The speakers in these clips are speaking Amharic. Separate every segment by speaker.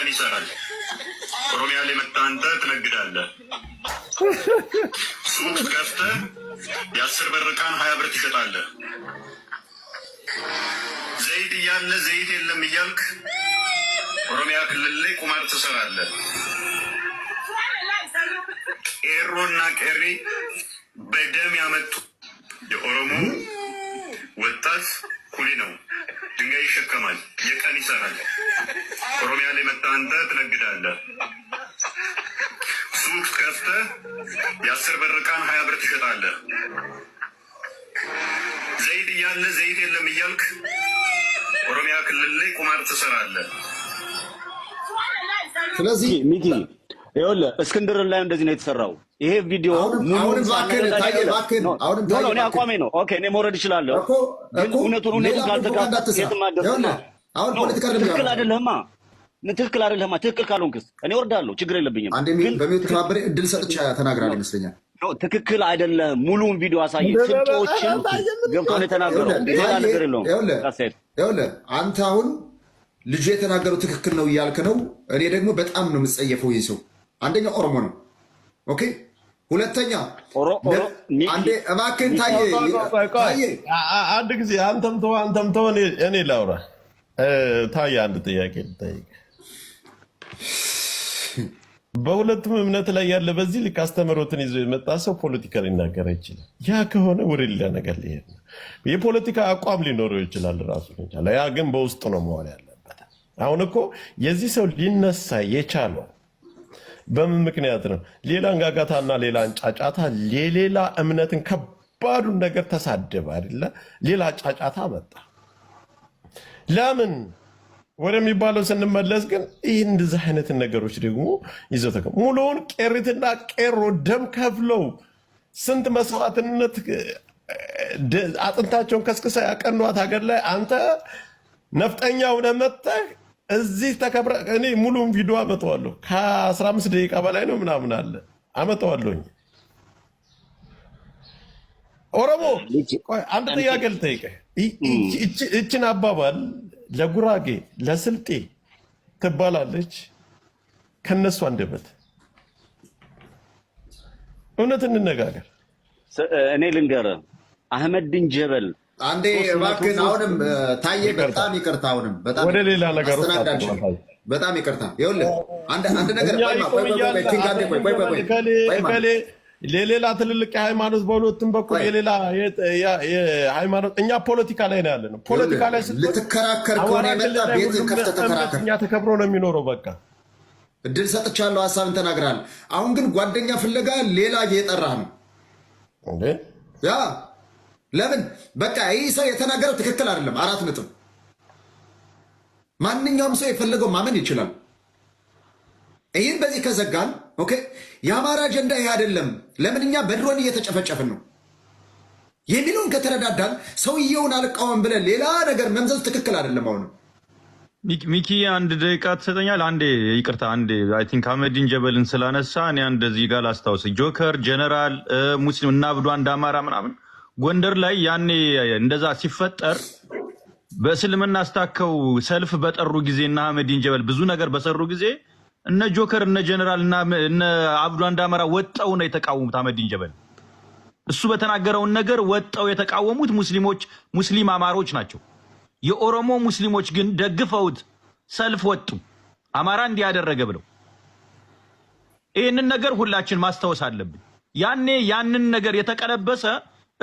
Speaker 1: ቀን ይሰራል። ኦሮሚያ ላይ መጣህ አንተ ትነግዳለህ። ሱቅ ከፍተህ የአስር ብር ዕቃን ሀያ ብር ትሸጣለህ። ዘይት እያለ ዘይት የለም እያልክ ኦሮሚያ ክልል ላይ ቁማር ትሰራለህ። ቄሮና ቄሪ በደም ያመጡ የኦሮሞ ወጣት ኩሊ ነው። ድንጋይ ይሸከማል፣ የቀን ይሰራል። ኦሮሚያ ላይ መጣ አንተ ትነግዳለህ። ሱቅ ከፍተህ የአስር ብር ዕቃን ሀያ ብር ትሸጣለህ። ዘይት እያለ ዘይት የለም እያልክ ኦሮሚያ ክልል ላይ ቁማር ትሰራለህ።
Speaker 2: ስለዚህ ሚኪ ይኸውልህ እስክንድርን ላይ እንደዚህ ነው የተሰራው። ይሄ ቪዲዮ እኔ አቋሜ ነው። ኦኬ እኔ መውረድ እችላለሁ፣ ግን እውነቱን እውነቱን ካልተጋየትም አደርሱና ትክክል አይደለህማ ትክክል አይደለህማ። ትክክል ካልሆንክስ እኔ ወርዳለሁ፣ ችግር የለብኝም።
Speaker 3: በሚተባበሬ እድል ሰጥቻ ተናግራል ይመስለኛል።
Speaker 2: ትክክል አይደለም። ሙሉውን ቪዲዮ አሳየ። ስንቶችን ገብቶ የተናገረው ሌላ ነገር
Speaker 3: የለውም። አንተ አሁን ልጁ የተናገረው ትክክል ነው እያልክ ነው። እኔ ደግሞ በጣም ነው የምጸየፈው። ይህ ሰው አንደኛው ኦሮሞ ነው። ኦኬ ሁለተኛ አንዴ እባክህን ታዬ
Speaker 4: አንድ ጊዜ አንተም ተው አንተም ተው፣ እኔ ላውራ። ታዬ አንድ ጥያቄ ልጠይቅ በሁለቱም እምነት ላይ ያለ በዚህ ልክ አስተምህሮትን ይዞ የመጣ ሰው ፖለቲካ ሊናገር ይችላል። ያ ከሆነ ወደ ሌላ ነገር ሊሄድ ነው። የፖለቲካ አቋም ሊኖረው ይችላል ራሱ ያ ግን በውስጡ ነው መሆን ያለበት። አሁን እኮ የዚህ ሰው ሊነሳ የቻለው በምን ምክንያት ነው? ሌላ እንጋጋታና ሌላ ጫጫታ፣ የሌላ እምነትን ከባዱን ነገር ተሳደበ አይደለ? ሌላ ጫጫታ መጣ። ለምን ወደሚባለው ስንመለስ ግን ይህ እንደዚህ አይነት ነገሮች ደግሞ ይዘው ሙሉውን ቄሪትና ቄሮ ደም ከፍለው ስንት መስዋዕትነት አጥንታቸውን ከስክሳ ያቀኗት ሀገር ላይ አንተ ነፍጠኛ ሁነህ መጥተህ እዚህ ተከብረ እኔ ሙሉም ቪዲዮ አመጣዋለሁ። ከ15 ደቂቃ በላይ ነው ምናምን አለ አመጣዋለሁኝ። ኦሮሞ አንድ ጥያቄ ልጠይቅህ። እችን አባባል ለጉራጌ ለስልጤ ትባላለች ከነሱ አንደበት። እውነት እንነጋገር።
Speaker 2: እኔ ልንገረ አህመድ ድንጀበል
Speaker 3: አንዴ እባክህን አሁንም ታዬ በጣም ይቅርታ፣ አሁንም ወደ ሌላ ነገር በጣም ይቅርታ። ይኸውልህ አንድ ነገር
Speaker 4: ለሌላ ትልልቅ የሃይማኖት በሁለቱም በኩል የሌላ ሃይማኖት እኛ ፖለቲካ ላይ ነው ያለነው። ፖለቲካ
Speaker 3: ላይ ልትከራከር ከሆነ የመጣ ቤት ከፍተህ ተከራከር።
Speaker 4: እኛ ተከብሮ ነው የሚኖረው። በቃ
Speaker 3: እድል ሰጥቻለሁ፣ ሀሳብን ተናግረሃል። አሁን ግን ጓደኛ ፍለጋ ሌላ እየጠራህ ነው ያ ለምን በቃ ይህ ሰው የተናገረው ትክክል አይደለም። አራት ነጥብ። ማንኛውም ሰው የፈለገው ማመን ይችላል። ይህን በዚህ ከዘጋን ኦኬ። የአማራ አጀንዳ ይህ አይደለም፣ ለምን እኛ በድሮን እየተጨፈጨፍን ነው የሚለውን ከተረዳዳን ሰውየውን አልቃወም ብለን ሌላ ነገር መምዘዝ ትክክል አይደለም። አሁንም
Speaker 4: ሚኪ አንድ ደቂቃ ትሰጠኛል? አንዴ ይቅርታ፣ አንዴ አይ ቲንክ አህመዲን ጀበልን ስላነሳ እኔ አንድ እዚህ ጋር ላስታውስ። ጆከር፣ ጀነራል ሙስሊም እና ብዶ አንድ አማራ ምናምን ጎንደር ላይ ያኔ እንደዛ ሲፈጠር በእስልምና አስታከው ሰልፍ በጠሩ ጊዜ እና አህመዲን ጀበል ብዙ ነገር በሰሩ ጊዜ እነ ጆከር እነ ጀነራል እነ አብዱ አንዳመራ ወጣው ነው የተቃወሙት። አህመዲን ጀበል እሱ በተናገረውን ነገር ወጣው የተቃወሙት ሙስሊሞች ሙስሊም አማሮች ናቸው። የኦሮሞ ሙስሊሞች ግን ደግፈውት ሰልፍ ወጡ፣ አማራ እንዲህ ያደረገ ብለው። ይህንን ነገር ሁላችን ማስታወስ አለብን። ያኔ ያንን ነገር የተቀለበሰ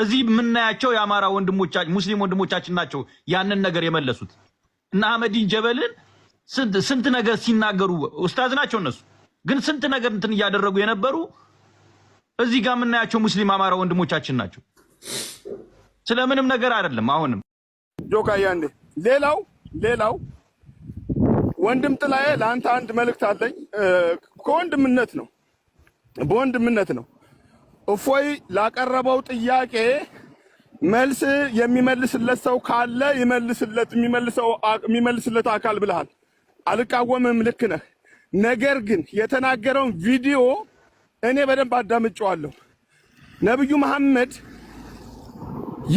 Speaker 4: እዚህ የምናያቸው የአማራ ወንድሞቻችን ሙስሊም ወንድሞቻችን ናቸው ያንን ነገር የመለሱት እና አህመዲን ጀበልን ስንት ነገር ሲናገሩ ኡስታዝ ናቸው እነሱ ግን ስንት ነገር እንትን እያደረጉ የነበሩ እዚህ ጋር የምናያቸው ሙስሊም አማራ ወንድሞቻችን ናቸው። ስለምንም ነገር አይደለም። አሁንም
Speaker 3: ጆካያ እንዴ ሌላው ሌላው ወንድም ጥላዬ ለአንተ አንድ መልእክት አለኝ። ከወንድምነት ነው በወንድምነት ነው እፎይ ላቀረበው ጥያቄ መልስ የሚመልስለት ሰው ካለ ይመልስለት፣ የሚመልስለት አካል ብለሃል። አልቃወምም፣ ልክ ነህ። ነገር ግን የተናገረውን ቪዲዮ እኔ በደንብ አዳምጨዋለሁ። ነብዩ መሐመድ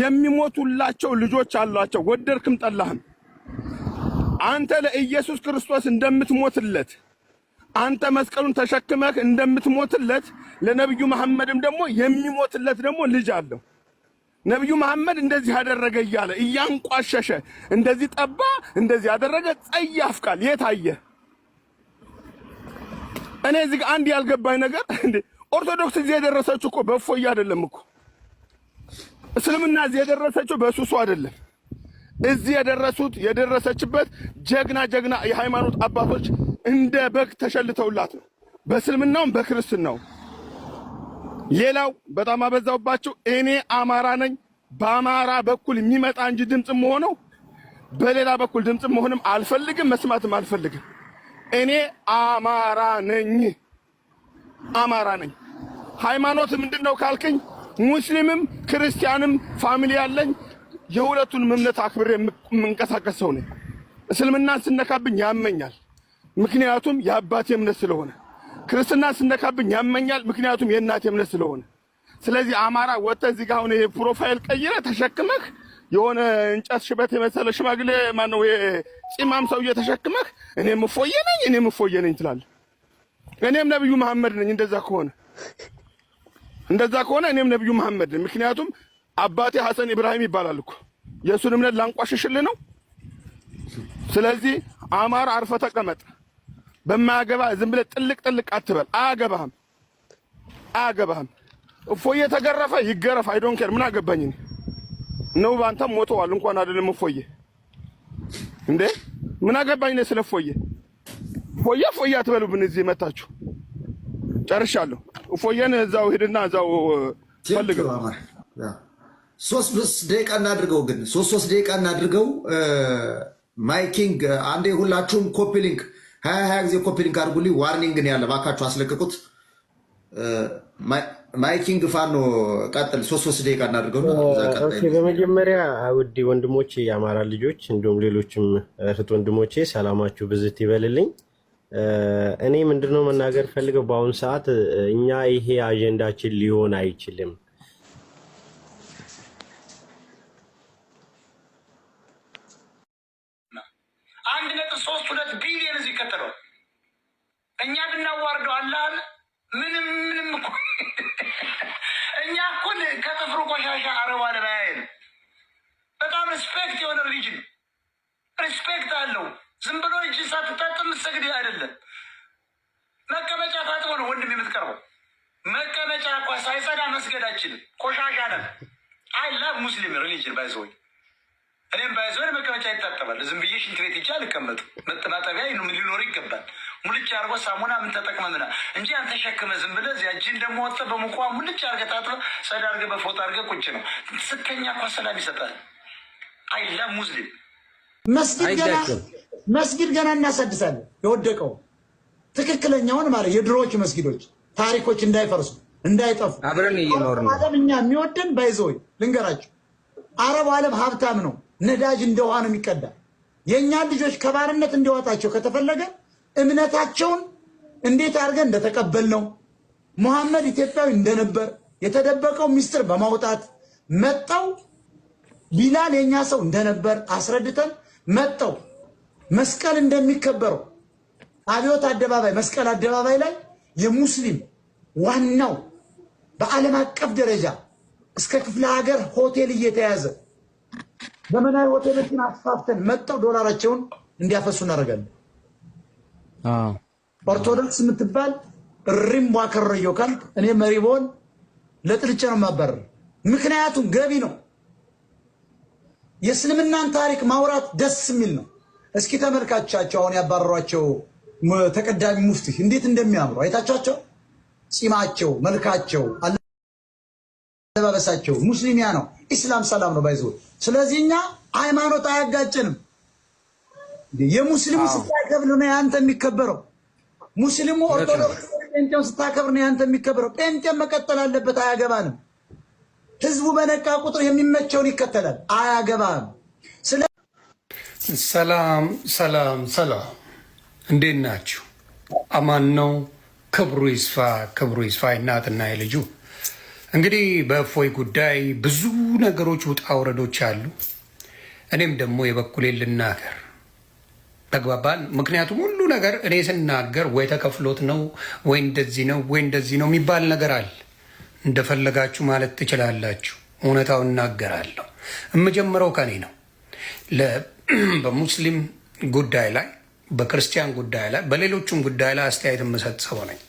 Speaker 3: የሚሞቱላቸው ልጆች አሏቸው፣ ወደድክም ጠላህም። አንተ ለኢየሱስ ክርስቶስ እንደምትሞትለት አንተ መስቀሉን ተሸክመህ እንደምትሞትለት ለነብዩ መሐመድም ደግሞ የሚሞትለት ደግሞ ልጅ አለው። ነብዩ መሐመድ እንደዚህ ያደረገ እያለ እያንቋሸሸ እንደዚህ ጠባ፣ እንደዚህ ያደረገ ጸያፍ ቃል የታየ እኔ እዚህ ጋር አንድ ያልገባኝ ነገር እንዴ ኦርቶዶክስ እዚህ የደረሰችው እኮ በእፎይ አይደለም እኮ እስልምና እዚህ የደረሰችው በሱሱ አይደለም። እዚህ የደረሱት የደረሰችበት ጀግና ጀግና የሃይማኖት አባቶች እንደ በግ ተሸልተውላት ነው በእስልምናውም በክርስትናውም ሌላው በጣም አበዛውባቸው። እኔ አማራ ነኝ፣ በአማራ በኩል የሚመጣ እንጂ ድምፅ መሆነው በሌላ በኩል ድምፅ መሆንም አልፈልግም፣ መስማትም አልፈልግም። እኔ አማራ ነኝ፣ አማራ ነኝ። ሃይማኖት ምንድን ነው ካልከኝ ሙስሊምም ክርስቲያንም ፋሚሊ አለኝ የሁለቱንም እምነት አክብሬ የምንቀሳቀስ ሰው ነኝ። እስልምናን ስነካብኝ ያመኛል፣ ምክንያቱም የአባቴ እምነት ስለሆነ ክርስትና ስነካብኝ ያመኛል፣ ምክንያቱም የእናት እምነት ስለሆነ። ስለዚህ አማራ ወጥተ እዚህ ጋር አሁን ይሄ ፕሮፋይል ቀይረ ተሸክመህ የሆነ እንጨት ሽበት የመሰለ ሽማግሌ ማነው ፂማም ሰውዬ ተሸክመህ እኔ እፎዬ ነኝ እኔም እፎዬ ነኝ ትላለህ። እኔም ነብዩ መሐመድ ነኝ። እንደዛ ከሆነ እንደዛ ከሆነ እኔም ነብዩ መሐመድ ነኝ። ምክንያቱም አባቴ ሐሰን ኢብራሂም ይባላል እኮ የእሱን እምነት ላንቋሽሽልህ ነው። ስለዚህ አማራ አርፈ ተቀመጥ። በማያገባ ዝም ብለህ ጥልቅ ጥልቅ አትበል። አያገባህም፣ አያገባህም። እፎዬ ተገረፈ ይገረፍ፣ አይዶን ኬር ምን አገባኝ ነው። በአንተም ሞተዋል እንኳን አይደለም እፎዬ እንዴ ምን አገባኝ ነው ስለ እፎዬ። እፎዬ እፎዬ አትበሉብን። እዚህ መታችሁ ጨርሻለሁ። እፎዬን እዛው ሄድና እዛው
Speaker 5: ፈልገው። ሶስት ደቂቃ እናድርገው ግን ሶስት ሶስት ደቂቃ እናድርገው። ማይኪንግ አንዴ ሁላችሁም ኮፒ ሊንክ ሀያ ሀያ ጊዜ ኮፒሊንግ አድርጉልኝ። ዋርኒንግ ነው ያለ፣ እባካችሁ አስለቅቁት። ማይኪንግ ፋኖ ቀጥል። ሶስት ሶስት ደቂቃ እናድርገው።
Speaker 6: በመጀመሪያ ውድ ወንድሞቼ የአማራ ልጆች እንዲሁም ሌሎችም እህት ወንድሞቼ ሰላማችሁ ብዝት ይበልልኝ። እኔ ምንድነው መናገር ፈልገው በአሁኑ ሰዓት እኛ ይሄ አጀንዳችን ሊሆን አይችልም።
Speaker 3: አንድ ነጥብ ሶስት ሁለት ቢሊዮን አይደለም። አይ ላቭ ሙስሊም ሪሊጅን ባይዘወ እኔም ባይዘወን መቀመጫ ይታጠባል። ዝም ብዬ ሽንት ቤት ሄጄ አልቀመጥም። መጠባጠቢያ ሊኖር ይገባል። ሙልጭ አድርጎ ሳሙና ምን ተጠቅመምና እንጂ አንተ ሸክመ ዝም ብለ እዚያ እጅን ደግሞ ወጥተ በሙቋ ሙልጭ አድርገህ ታጥበህ ጸዳ አድርገህ በፎጣ አድርገህ ቁጭ ነው። ስተኛ እኳ ሰላም ይሰጣል። አይ ላቭ ሙስሊም መስጊድ ገና መስጊድ ገና እናሳድሳለን። የወደቀው ትክክለኛውን ማለት የድሮዎች መስጊዶች ታሪኮች እንዳይፈርሱ እንዳይጠፉ
Speaker 6: አብረን እየኖርን
Speaker 3: ዓለም እኛ የሚወደን ባይዘወይ ልንገራቸው፣ አረብ ዓለም ሀብታም ነው። ነዳጅ እንደ ውሃ ነው የሚቀዳ። የእኛ ልጆች ከባርነት እንዲወጣቸው ከተፈለገ እምነታቸውን እንዴት አድርገን እንደተቀበልነው ሙሐመድ ኢትዮጵያዊ እንደነበር የተደበቀው ሚስጥር በማውጣት መጠው ቢላል የኛ ሰው እንደነበር አስረድተን መጠው መስቀል እንደሚከበረው አብዮት አደባባይ መስቀል አደባባይ ላይ የሙስሊም ዋናው በዓለም አቀፍ ደረጃ እስከ ክፍለ ሀገር ሆቴል እየተያዘ ዘመናዊ ሆቴሎችን አስፋፍተን መጠው ዶላራቸውን እንዲያፈሱ እናደርጋለን። ኦርቶዶክስ የምትባል ሪም ቧከረዮ ካል እኔ መሪቦን ለጥልጭ ነው የማባረር። ምክንያቱም ገቢ ነው። የእስልምናን ታሪክ ማውራት ደስ የሚል ነው። እስኪ ተመልካቻቸው አሁን ያባረሯቸው ተቀዳሚ ሙፍቲ እንዴት እንደሚያምሩ አይታቻቸው። ጺማቸው፣ መልካቸው፣ አለባበሳቸው ሙስሊሚያ ነው። ኢስላም ሰላም ነው ባይዞ። ስለዚህ እኛ ሃይማኖት አያጋጭንም። የሙስሊሙ ስታከብር ነው ያንተ የሚከበረው። ሙስሊሙ ኦርቶዶክስ ጴንጤውን ስታከብር ነው ያንተ የሚከበረው። ጴንጤን መቀጠል አለበት። አያገባንም። ህዝቡ በነቃ ቁጥር የሚመቸውን ይከተላል። አያገባም።
Speaker 7: ሰላም ሰላም ሰላም፣ እንዴት ናችሁ? አማን ነው። ክብሩ ይስፋ ክብሩ ይስፋ እናትና የልጁ እንግዲህ በእፎይ ጉዳይ ብዙ ነገሮች ውጣ ውረዶች አሉ። እኔም ደግሞ የበኩሌን ልናገር ተግባባን። ምክንያቱም ሁሉ ነገር እኔ ስናገር ወይ ተከፍሎት ነው ወይ እንደዚህ ነው ወይ እንደዚህ ነው የሚባል ነገር አለ። እንደፈለጋችሁ ማለት ትችላላችሁ። እውነታው እናገራለሁ። የምጀምረው ከኔ ነው። በሙስሊም ጉዳይ ላይ በክርስቲያን ጉዳይ ላይ በሌሎቹም ጉዳይ ላይ አስተያየት የምሰጥ ሰው ነኝ።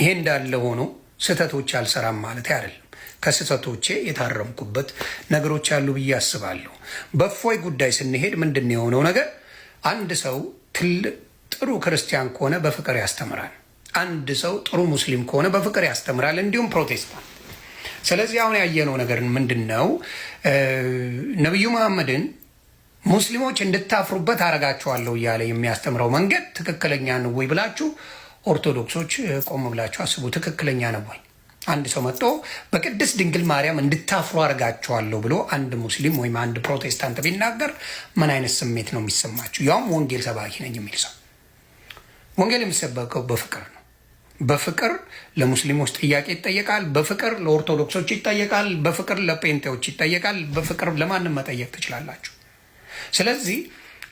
Speaker 7: ይሄ እንዳለ ሆኖ ስህተቶች አልሰራም ማለት አይደለም። ከስህተቶቼ የታረምኩበት ነገሮች አሉ ብዬ አስባለሁ። በእፎይ ጉዳይ ስንሄድ ምንድን የሆነው ነገር? አንድ ሰው ትልቅ ጥሩ ክርስቲያን ከሆነ በፍቅር ያስተምራል። አንድ ሰው ጥሩ ሙስሊም ከሆነ በፍቅር ያስተምራል፣ እንዲሁም ፕሮቴስታንት። ስለዚህ አሁን ያየነው ነገር ምንድን ነው? ነቢዩ መሐመድን ሙስሊሞች እንድታፍሩበት አረጋችኋለሁ እያለ የሚያስተምረው መንገድ ትክክለኛ ነው ወይ ብላችሁ ኦርቶዶክሶች ቆም ብላችሁ አስቡ። ትክክለኛ ነው ወይ? አንድ ሰው መጥቶ በቅድስት ድንግል ማርያም እንድታፍሩ አረጋችኋለሁ ብሎ አንድ ሙስሊም ወይም አንድ ፕሮቴስታንት ቢናገር ምን አይነት ስሜት ነው የሚሰማችሁ? ያውም ወንጌል ሰባኪ ነኝ የሚል ሰው። ወንጌል የሚሰበከው በፍቅር ነው። በፍቅር ለሙስሊሞች ጥያቄ ይጠየቃል። በፍቅር ለኦርቶዶክሶች ይጠየቃል። በፍቅር ለጴንጤዎች ይጠየቃል። በፍቅር ለማንም መጠየቅ ትችላላችሁ። ስለዚህ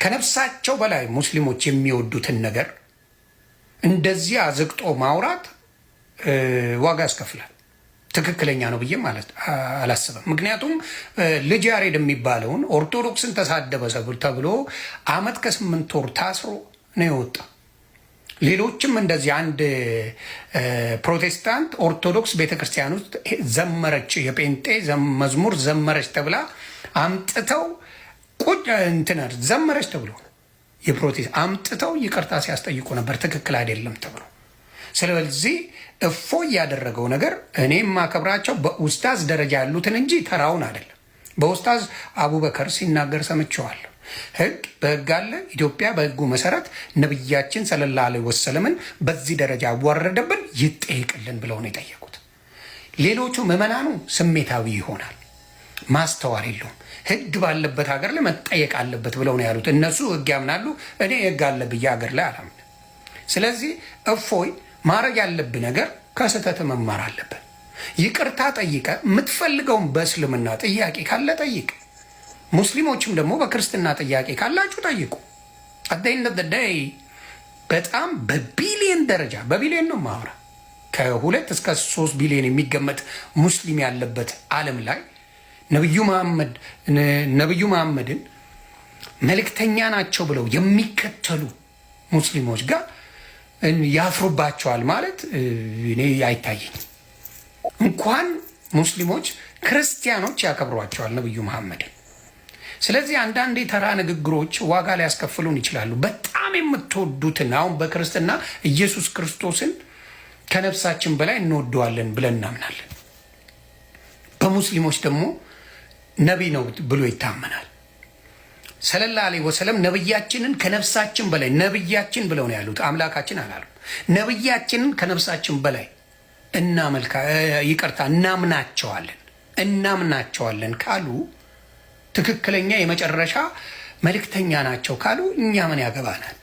Speaker 7: ከነፍሳቸው በላይ ሙስሊሞች የሚወዱትን ነገር እንደዚህ አዝቅጦ ማውራት ዋጋ ያስከፍላል። ትክክለኛ ነው ብዬም አላስበም። ምክንያቱም ልጅ ያሬድ የሚባለውን ኦርቶዶክስን ተሳደበ ተብሎ አመት ከስምንት ወር ታስሮ ነው የወጣ። ሌሎችም እንደዚህ አንድ ፕሮቴስታንት ኦርቶዶክስ ቤተክርስቲያን ውስጥ ዘመረች የጴንጤ መዝሙር ዘመረች ተብላ አምጥተው ቁጭ እንትን ዘመረች ተብሎ የፕሮቴስ አምጥተው ይቅርታ ሲያስጠይቁ ነበር፣ ትክክል አይደለም ተብሎ። ስለዚህ እፎ ያደረገው ነገር እኔ የማከብራቸው በኡስታዝ ደረጃ ያሉትን እንጂ ተራውን አይደለም። በኡስታዝ አቡበከር ሲናገር ሰምቸዋለሁ። ህግ በህግ አለ። ኢትዮጵያ በህጉ መሰረት ነቢያችን ሰለላሁ ዐለይሂ ወሰለምን በዚህ ደረጃ ያዋረደብን ይጠይቅልን ብለው ነው የጠየቁት። ሌሎቹ ምዕመናኑ ስሜታዊ ይሆናል፣ ማስተዋል የለውም። ህግ ባለበት ሀገር ላይ መጠየቅ አለበት ብለው ነው ያሉት። እነሱ ህግ ያምናሉ፣ እኔ ህግ አለ ብዬ ሀገር ላይ አላምን። ስለዚህ እፎይ ማድረግ ያለብህ ነገር ከስህተት መማር አለብን። ይቅርታ ጠይቀ የምትፈልገውን በእስልምና ጥያቄ ካለ ጠይቅ። ሙስሊሞችም ደግሞ በክርስትና ጥያቄ ካላችሁ ጠይቁ። አደይነት ደይ በጣም በቢሊየን ደረጃ በቢሊየን ነው ማውራ ከሁለት እስከ ሶስት ቢሊዮን የሚገመት ሙስሊም ያለበት ዓለም ላይ ነብዩ መሐመድ ነብዩ መሐመድን መልእክተኛ ናቸው ብለው የሚከተሉ ሙስሊሞች ጋር ያፍሩባቸዋል ማለት እኔ አይታየኝ እንኳን ሙስሊሞች ክርስቲያኖች ያከብሯቸዋል ነብዩ መሐመድን። ስለዚህ አንዳንድ የተራ ንግግሮች ዋጋ ሊያስከፍሉን ይችላሉ። በጣም የምትወዱትን አሁን በክርስትና ኢየሱስ ክርስቶስን ከነፍሳችን በላይ እንወደዋለን ብለን እናምናለን። በሙስሊሞች ደግሞ ነቢይ ነው ብሎ ይታመናል። ሰለላሁ ዐለይሂ ወሰለም ነብያችንን ከነፍሳችን በላይ ነብያችን ብለው ነው ያሉት። አምላካችን አላሉ። ነብያችንን ከነፍሳችን በላይ እናመልካ ይቅርታ፣ እናምናቸዋለን እናምናቸዋለን ካሉ ትክክለኛ የመጨረሻ መልእክተኛ ናቸው ካሉ እኛ ምን ያገባናል?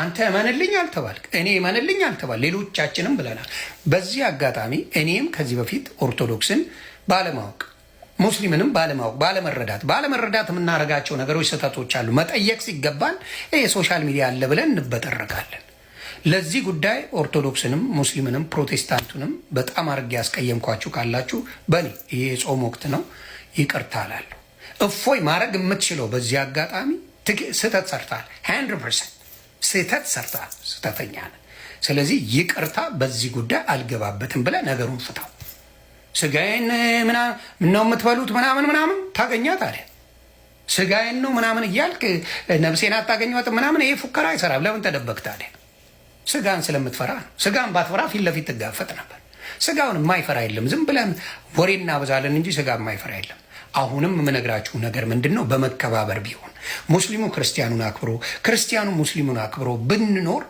Speaker 7: አንተ እመንልኝ አልተባልክ፣ እኔ እመንልኝ አልተባል፣ ሌሎቻችንም ብለናል። በዚህ አጋጣሚ እኔም ከዚህ በፊት ኦርቶዶክስን ባለማወቅ ሙስሊምንም ባለማወቅ ባለመረዳት ባለመረዳት የምናደርጋቸው ነገሮች ስህተቶች አሉ። መጠየቅ ሲገባን ይሄ ሶሻል ሚዲያ አለ ብለን እንበጠረቃለን። ለዚህ ጉዳይ ኦርቶዶክስንም ሙስሊምንም ፕሮቴስታንቱንም በጣም አድርጌ ያስቀየምኳችሁ ካላችሁ በኔ ይሄ የጾም ወቅት ነው፣ ይቅርታ እላለሁ። እፎይ ማድረግ የምትችለው በዚህ አጋጣሚ ስህተት ሰርታል፣ ሃንድ ፐርሰንት ስህተት ሰርታል፣ ስህተተኛ ነህ። ስለዚህ ይቅርታ፣ በዚህ ጉዳይ አልገባበትም ብለህ ነገሩን ፍታው። ስጋዬን ነው የምትበሉት ምናምን ምናምን ታገኛት አለ። ስጋዬን ነው ምናምን እያልክ ነብሴን አታገኘት ምናምን። ይሄ ፉከራ አይሰራም። ለምን ተደበቅት አለ። ስጋን ስለምትፈራ ነው። ስጋን ባትፈራ ፊት ለፊት ትጋፈጥ ነበር። ስጋውን የማይፈራ የለም። ዝም ብለን ወሬ እናበዛለን እንጂ ስጋ የማይፈራ የለም። አሁንም የምነግራችሁ ነገር ምንድን ነው? በመከባበር ቢሆን ሙስሊሙ ክርስቲያኑን አክብሮ፣ ክርስቲያኑ ሙስሊሙን አክብሮ ብንኖር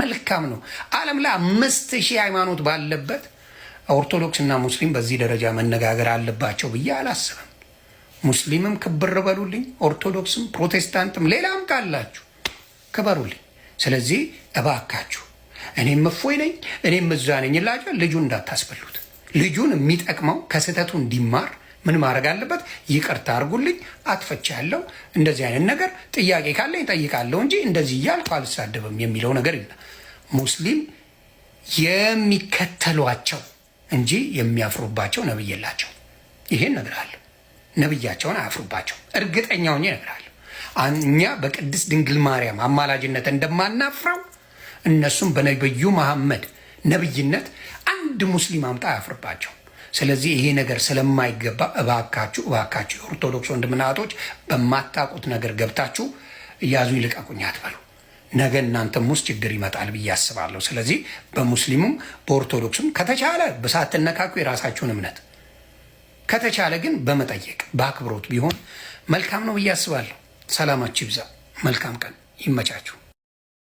Speaker 7: መልካም ነው። ዓለም ላይ አምስት ሺህ ሃይማኖት ባለበት ኦርቶዶክስና ሙስሊም በዚህ ደረጃ መነጋገር አለባቸው ብዬ አላስብም። ሙስሊምም ክብር በሉልኝ፣ ኦርቶዶክስም ፕሮቴስታንትም ሌላም ካላችሁ ክበሩልኝ። ስለዚህ እባካችሁ እኔም እፎይ ነኝ እኔም እዛ ነኝ ላጫ ልጁ እንዳታስበሉት። ልጁን የሚጠቅመው ከስህተቱ እንዲማር ምን ማድረግ አለበት? ይቅርታ አድርጉልኝ፣ አጥፍቻ ያለው እንደዚህ አይነት ነገር ጥያቄ ካለ ይጠይቃለሁ እንጂ እንደዚህ እያልኩ አልሳደብም የሚለው ነገር ሙስሊም የሚከተሏቸው እንጂ የሚያፍሩባቸው ነብይ የላቸው። ይሄን እነግርሃለሁ። ነብያቸውን አያፍሩባቸው። ሆኜ እነግርሃለሁ። እኛ በቅድስት ድንግል ማርያም አማላጅነት እንደማናፍረው እነሱም በነቢዩ መሐመድ ነብይነት አንድ ሙስሊም አምጣ አያፍርባቸው። ስለዚህ ይሄ ነገር ስለማይገባ እባካችሁ እባካችሁ የኦርቶዶክስ ወንድምናቶች በማታውቁት ነገር ገብታችሁ ያዙ ይልቀቁኝ አትበሉ። ነገ እናንተም ውስጥ ችግር ይመጣል ብዬ አስባለሁ። ስለዚህ በሙስሊሙም በኦርቶዶክስም ከተቻለ በሳትነካኩ የራሳችሁን እምነት ከተቻለ ግን በመጠየቅ በአክብሮት ቢሆን መልካም ነው ብዬ አስባለሁ። ሰላማችሁ ይብዛ። መልካም ቀን ይመቻችሁ።